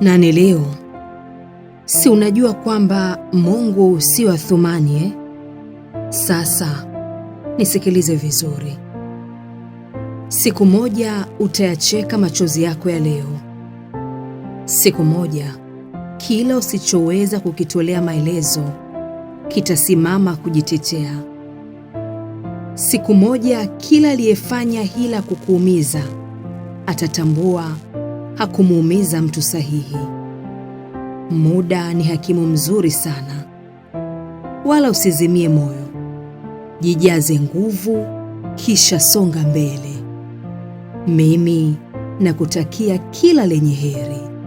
Nane leo, si unajua kwamba Mungu sio Athumani eh? Sasa nisikilize vizuri. Siku moja utayacheka machozi yako ya leo. Siku moja kila usichoweza kukitolea maelezo kitasimama kujitetea. Siku moja kila aliyefanya hila kukuumiza atatambua hakumuumiza mtu sahihi. Muda ni hakimu mzuri sana, wala usizimie moyo. Jijaze nguvu, kisha songa mbele. Mimi nakutakia kila lenye heri.